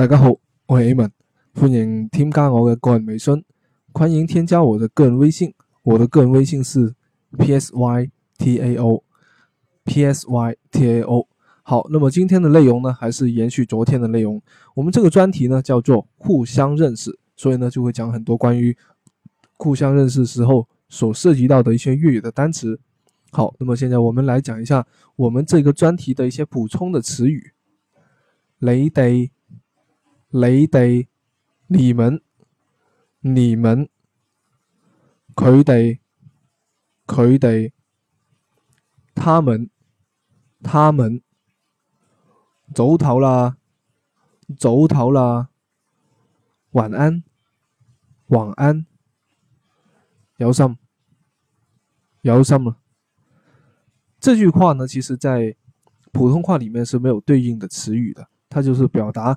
大家好，我係 Aman，歡迎添加我嘅個人微信，歡迎添加我的個人微信，我的個人微信是 P S Y T A O P S Y T A O。好，那麼今天嘅內容呢，還是延續昨天嘅內容，我們這個專題呢叫做互相認識，所以呢就會講很多關於互相認識時候所涉及到的一些粵語嘅單詞。好，那麼現在我們來講一下我們這個專題的一些補充的詞語，雷得。你哋、你們、你們，佢哋、佢哋、他們、他們，早唞啦，早唞啦，晚安，晚安，有心，有心啦、啊。這句話呢，其實在普通話裏面是沒有對應的詞語的，它就是表達。